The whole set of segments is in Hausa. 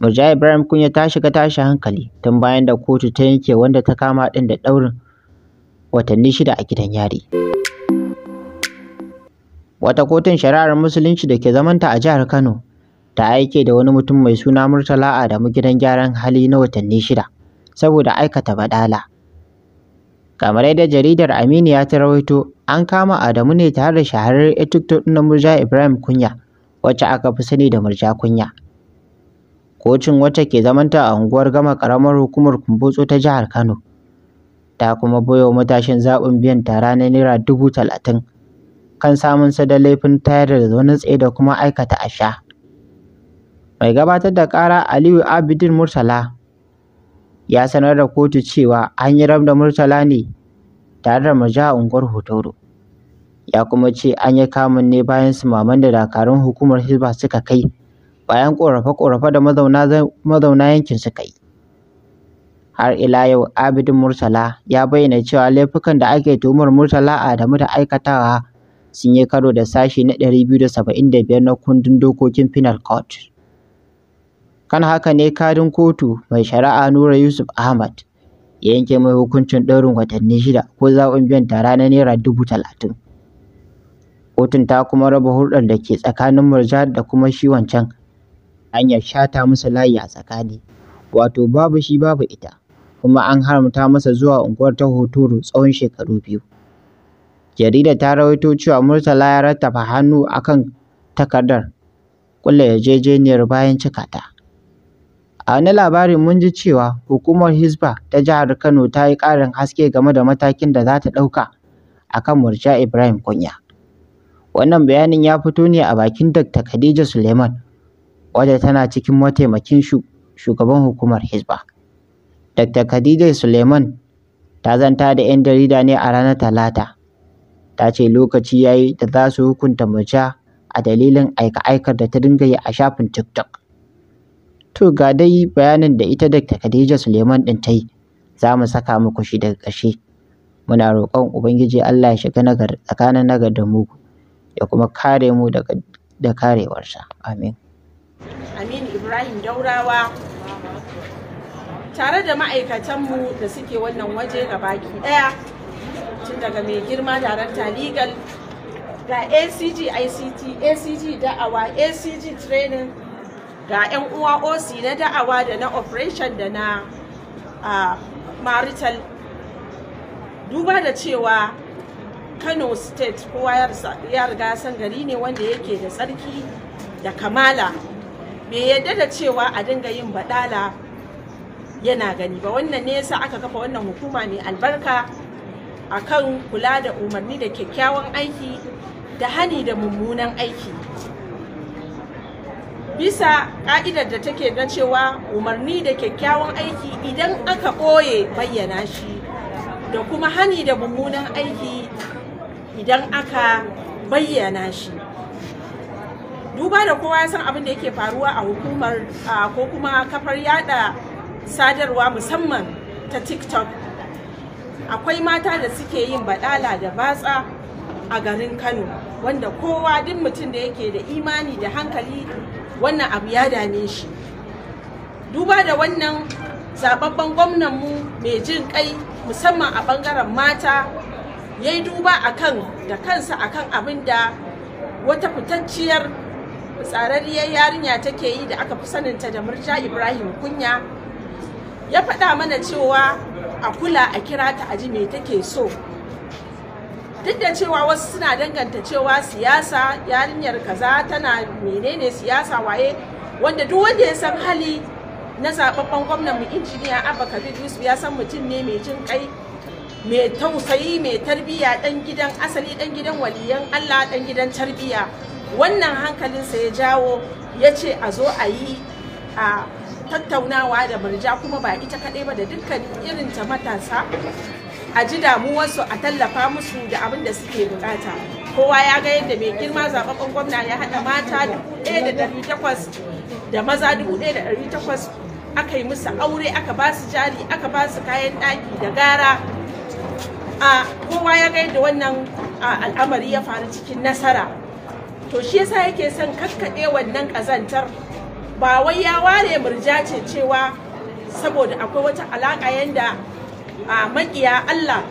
Muja Ibrahim Kunya ta shiga tashi hankali tun bayan da kotu ta yanke wanda ta kama ɗin da ɗaurin watanni shida a gidan yari. Wata kotun shari'ar Musulunci da ke zamanta a jihar Kano ta aike da wani mutum mai suna Murtala Adamu gidan gyaran hali na watanni shida saboda aikata badala. Kamar yadda jaridar ya ta rawaito, an kama Adamu ne tare da shahararren etiktok na Muja Ibrahim Kunya. wacce aka fi sani da murja kunya. Kocin wacce ke zamanta a unguwar gama ƙaramar hukumar Kumbotso ta jihar Kano. Ta kuma baiwa matashin zaɓin biyan tara na naira dubu talatin kan samun sa da laifin tayar da zaune tsaye da kuma aikata asha. Mai gabatar da ƙara Aliyu Abidin Murtala ya sanar da kotu cewa an yi da Murtala ne tare da murja a unguwar Hotoro. Ya kuma ce an yi kamun ne bayan su maman da dakarun hukumar Hizba suka kai bayan ƙorafe-ƙorafe da mazauna yankin suka yi. Har ila yau Abidin Murtala ya bayyana cewa laifukan da ake tuhumar Murtala Adamu da aikatawa sun yi karo da sashi na 275 na kundin dokokin Penal Court. Kan haka ne kadin kotu mai shari'a Nura Yusuf Ahmad ya yanke mai hukuncin ɗaurin watanni shida ko zaɓin biyan tara na Naira dubu talatin. Kotun ta kuma raba hulɗar da ke tsakanin murja da kuma shi wancan hanyar shata musu layi a tsakani, wato babu shi babu ita, kuma an haramta masa zuwa unguwar ta Hotoro tsawon shekaru biyu. Jarida ta rawaito cewa Murtala ya rattaba hannu a kan takardar ƙulla yarjejeniyar bayan cika ta. A wani labarin mun ji cewa Hukumar hisba ta Jihar Kano ta yi ƙarin haske game da matakin da za ta ɗauka a kan Murja Ibrahim Kunya. Wannan bayanin ya fito ne a bakin Dr. Khadija Suleiman, wadda tana cikin mataimakin shugaban hukumar Hisba. Dr. Khadija Suleiman ta zanta da 'yan jarida ne a ranar Talata. Ta ce lokaci ya yi da za su hukunta mace a dalilin aika-aikar da ta dinga yi a shafin TikTok. To ga dai bayanin da ita Dr. Khadija Suleiman ɗin ta yi, za mu saka muku shi daga ƙarshe. Muna roƙon Ubangiji Allah ya shiga tsakanin nagar da mugu. ya kuma kare mu daga da karewarsa amin Amin ibrahim daurawa tare da ma'aikatanmu da suke wannan waje ga baki daya tun daga mai girma darakta legal ga acg ict acg da'awa acg training ga 'yan uwa oc na da'awa da na operation da na marital duba da cewa kano state kowa ya riga san gari ne wanda yake da tsarki da kamala bai yadda da cewa a dinga yin badala yana gani ba wannan ne yasa aka kafa wannan hukuma mai albarka a kan kula da umarni da kyakkyawan aiki da hani da mummunan aiki bisa ka'idar da take na cewa umarni da kyakkyawan aiki idan aka ɓoye bayyana shi da kuma hani da mummunan aiki idan aka bayyana shi duba da kowa ya san abin da yake faruwa a hukumar ko kuma kafar yada sadarwa musamman ta tiktok akwai mata da suke yin badala da batsa a garin kano wanda kowa duk mutum da yake da imani da hankali wannan abu ya dame shi duba da wannan zababben gwamnanmu mai jin kai musamman a bangaren mata ya yi duba kan da kansa a kan abin da wata fitacciyar tsararriyar yarinya take yi da aka fi saninta da murja ibrahim kunya ya faɗa mana cewa a kula a kira ta aji me take so duk da cewa wasu suna danganta cewa siyasa yarinyar kaza tana menene siyasa waye wanda duk wanda ya san hali na zaɓaɓɓen gwamnan mu injiniya abba kabir yusuf ya san mutum ne mai jin kai mai tausayi mai tarbiyya dan gidan asali dan gidan waliyan Allah dan gidan tarbiyya. wannan hankalinsa ya jawo ya ce a zo a yi a tattaunawa da murja kuma ba ita kaɗai ba da dukkan irin ta matasa a ji damuwarsu a tallafa musu da abin da suke bukata kowa ya ga yadda mai girma zababban gwamna ya haɗa mata 1,800 da maza 1,800 aka yi musu aure aka ba su jari aka ba su kayan ɗaki da gara a kowa ya ga yadda wannan al'amari ya faru cikin nasara to shi yasa yake son kakkaɗe wannan ƙazantar ba wai ya ware murja ce cewa saboda akwai wata alaƙa yanda a maƙiya Allah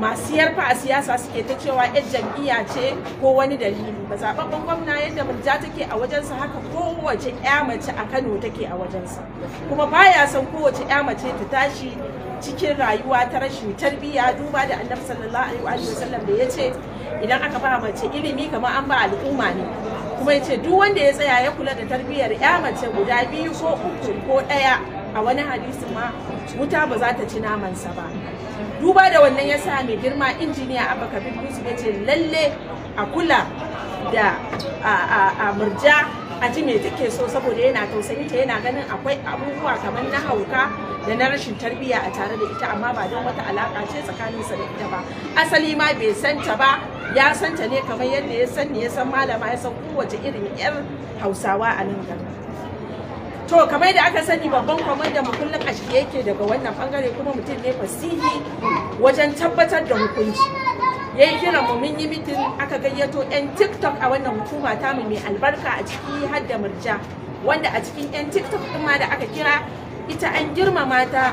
masu yarfa a siyasa suke ta cewa yan jam'iyya ce ko wani dalili ba zaɓaɓɓen gwamna yadda murja take a wajensa haka kowace ya mace a kano take a wajensa kuma baya son kowace ya mace ta tashi cikin rayuwa ta rashin tarbiyya duba da annabi sallallahu alaihi wa sallam da yace idan aka ba mace ilimi kamar an ba al'umma ne kuma yace duk wanda ya tsaya ya kula da tarbiyyar ya mace guda biyu ko uku ko ɗaya a wani hadisi ma wuta ba za ta ci namansa ba duba da wannan ya sa mai girma injiniya abba kabir yusuf ya ce lalle a kula da a murja a ji mai take so saboda yana tausayi ta yana ganin akwai abubuwa kamar na hauka da na rashin tarbiyya a tare da ita amma ba don wata alaka ce tsakaninsa da ita ba asali ma bai san ta ba ya san ta ne kamar yadda ya san ne ya san malama ya san kowace irin yar hausawa a nan gaba to kamar da aka sani babban kwamandan mu kullum a shirye yake daga wannan bangare kuma mutum ne fasihi wajen tabbatar da hukunci ya yi kiran mu mun yi mitin aka gayyato 'yan tiktok a wannan hukuma mu mai albarka a ciki har da murja wanda a cikin 'yan tiktok ɗin ma da aka kira ita an girmama ta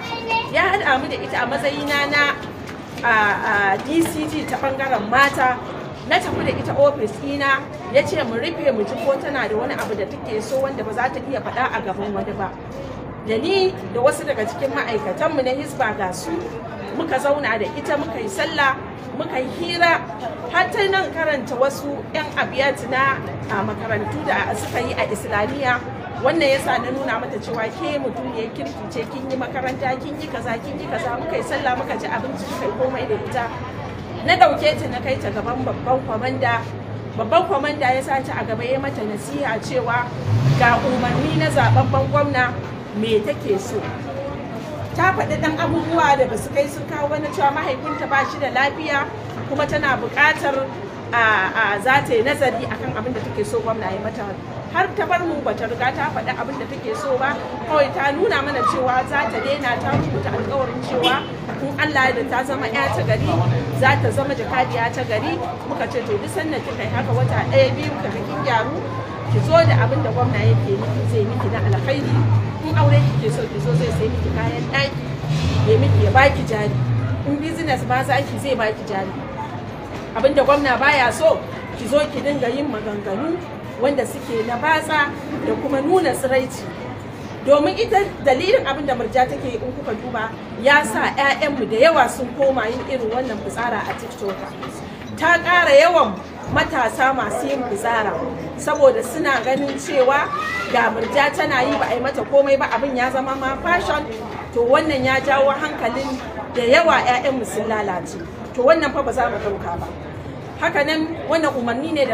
ya haɗa mu da ita a matsayina na DCG ta bangaren mata na tafi da ita ofis ina ya ce mu rufe mu ji ko tana da wani abu da take so wanda ba za ta iya faɗa a gaban wani ba da ni da wasu daga cikin ma'aikatanmu na hisba ga su muka zauna da ita muka yi sallah muka yi hira har ta nan karanta wasu 'yan abiyat na a makarantu da suka yi a islamiyya wannan yasa na nuna mata cewa ke mutum ya kirki ce kin yi makaranta kin yi kaza kin yi kaza muka yi sallah muka ji abinci muka yi komai da ita na ɗauke ta na kai ta gaban babban kwamanda babban kwamanda ya sace a gaba ya mata nasiha cewa ga umarni na ban gwamna me take so ta faɗi ɗan abubuwa da basu kai sun kawo wani cewa mahaifinta ba shi da lafiya kuma tana buƙatar za ta yi nazari akan abin da take so gwamna ya mata har ta bar mu bata riga ta faɗi abin da take so ba kawai ta nuna mana cewa za ta daina ta rubuta alkawarin cewa in Allah da ta zama ya ta gari za ta zama jakadiya ta gari muka ce to duk sannan kika yi haka wata ɗaya biyu ka kin gyaru ki zo da abin da gwamna yake miki zai miki na alkhairi in aure kike so ki zo zai sai miki kayan ɗaki ya miki ya baki jari in business ba za ki zai baki jari abinda gwamna baya so ki zo ki dinga yin maganganu wanda suke na batsa da kuma nuna tsiraici domin ita dalilin abinda murja take in kuka duba ya sa 'ya'yanmu da yawa sun koma yin irin wannan fitsara a tiktok ta ƙara yawan matasa masu yin fitsara saboda suna ganin cewa ga murja tana yi ba a yi mata komai ba abin ya zama ma fashion to wannan ya jawo hankalin da yawa 'ya'yanmu sun lalace to wannan fa ba za mu ɗauka ba haka nan wannan umarni ne daga